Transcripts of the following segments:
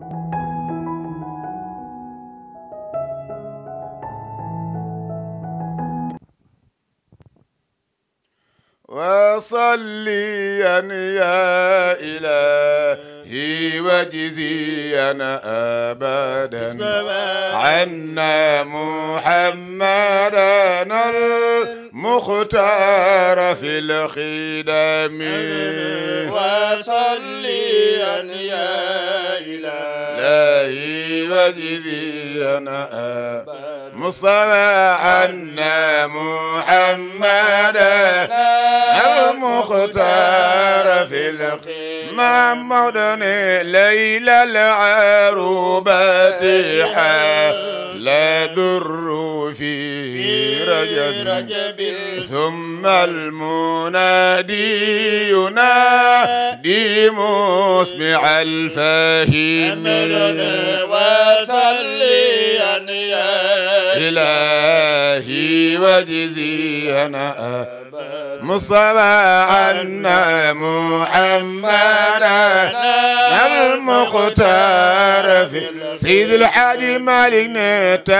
thank you وصليا يا إلهي وجزينا أبدا عنا محمدا المختار في الخدم وصليا يا إلهي وجزينا أبدا مصطفى أن محمدا المختار في القمام مدن ليلى العروبة لا در فيه رجب ثم المنادي ينادي مسمع الفهم وصليا يا إلهي وجزينا مصطفى عنا محمدا المختار في سيد الحاج مالك نتنبه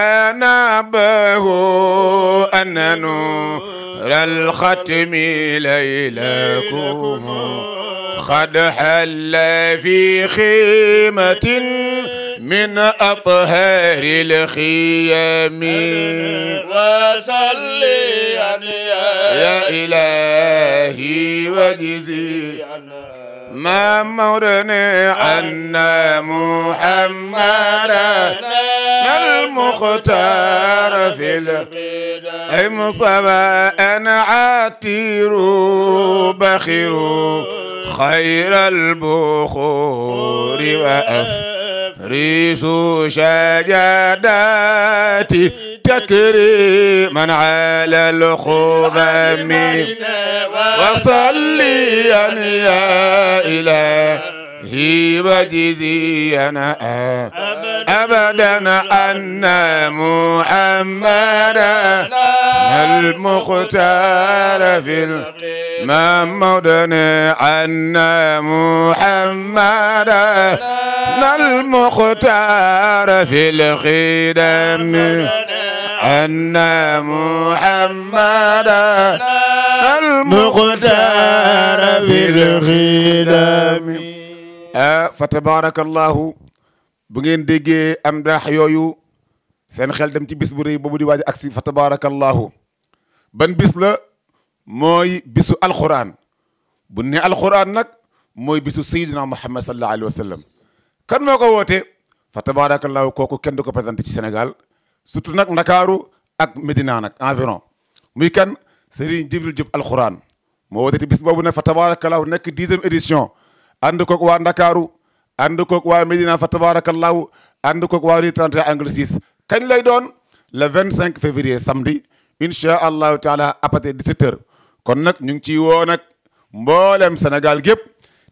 أن نور الختم ليلكم قد حل في خيمة من أطهار الخيام وصليا يا إلهي وجزي ما مرني عنا محمدا المختار في القدم صباء عاتير بخير خير البخور وأفكار riisu sajadaati takriman ala alxumami wa salliyan ya ilaah هيب جزينا أبدا أن محمدا المختار في الممدن أن محمدا المختار في الخدم أن محمدا المختار في الخدم ah fa tabarakallahu bu ngeen déggee am ndax yooyu seen xel dem ci bis bu rëy boobu di waaj aksi fa tabarakallahu ban bis la mooy bisu alquran bu ne alquran nag mooy bisu sayidina muhammad sallallahu alayhi wa sallam kan moo ko woote fa tabarakallahu ko kenn du ko présenté ci Sénégal surtout nag ndakaaru ak Medina nag environ muy kan Serigne Jibril Diop alquran moo woote bis boobu nag fa tabarakallahu nekk dixième édition ànd koog waa Ndakaaru ànd koog waa Médina fa tabarakallahu ànd koog waa rue 31 angle 6 kañ lay doon le 25 février samedi incha allahu taala à partir de 17 kon nag ñu ngi ciy woo nag mboolem Sénégal gépp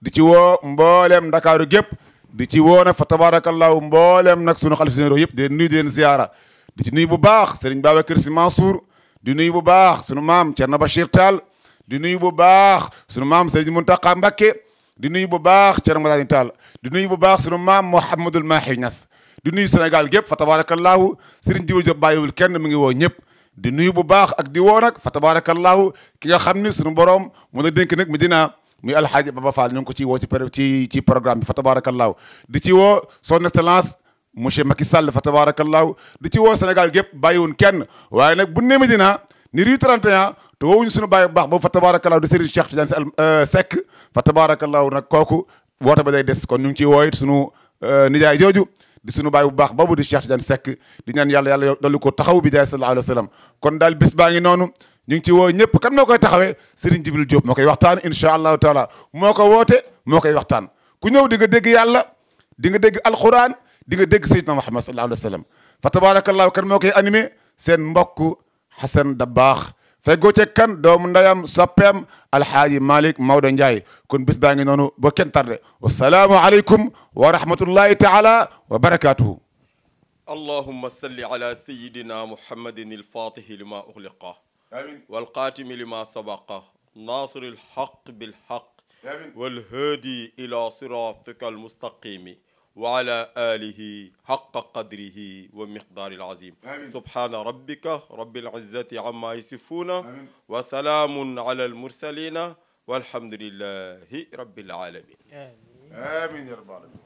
di ci woo mboolem Ndakaaru gépp di ci woo nag fa tabarakallahu mboolem nag sunu xalif généraux yëpp di nuyu di leen di ci nuyu bu baax Serigne Babacar Sy Mansour di nuyu bu baax sunu maam Thierno Bachir Tall di nuyu bu baax sunu maam Serigne Mountakha Mbacké di nuyu bu baax Thierno Madani Tall di nuyu bu baax sunu maam Mouhamadul Mahi Niass di nuyu Sénégal gépp fa tabaarakallaahu Serigne Djibril Diop bàyyiwul kenn mu ngi woo ñëpp di nuyu bu baax ak di woo nag fa tabaarakallaahu ki nga xam ni sunu borom mu la dénk nag Medina muy alxaaji Baba Fall ñu ngi ko ciy woo ci ci ci programme bi fa tabaarakallaahu di ci woo son excellence monsieur maki Sall fa tabaarakallaahu di ci woo Sénégal gépp bàyyiwul kenn waaye nag bu ne Medina ni rue 31 te woowuñu suñu bàyyi bu baax boobu fa tabaarakallaahu di Serigne Cheikh Tidiane euh, Seck fa tabaarakallaahu nag kooku woote ba day des kon ñu ngi ciy wooyit suñu euh, nijaay jooju di suñu baay bu baax boobu di Cheikh Tidiane Seck di ñaan yàlla yàlla dolli ko taxaw bi jaay sallallaahu alayhi wa sallam kon daal bis baa ngi noonu ñu ngi ci woo ñëpp kan moo koy taxawee Serigne Jibril Diop moo koy waxtaan incha allahu taala moo ko woote moo koy waxtaan ku ñëw di nga dégg yàlla di nga dégg alquran di nga dégg Seydina Muhammad sallallaahu alayhi wa sallam fa tabaarakallaahu kan moo koy animé seen mbokk Xasan Dabaax feggoo ca kan doomu ndayam soppeem alxaaji Malick Maodo Ndiaye kon bis baa ngi noonu ba kenn tarde wasalaamu aleykum wa rahmatullahi taala wa barakatuhu allahuma salli ala sayidina muhammadin alfaatihi lima uxliqa walxaatimi lima sabaqa nasiri alxaq bilxaq walhaadi ila siratika almustaqimi wa ala alihi haqqa qadrihi wa miqdaaril aziim subhaana rabbika rabbil izzati ammaa yasifuuna wa salaamun ala al mursaliina walhamdulillahi rabbil aalamiin amiin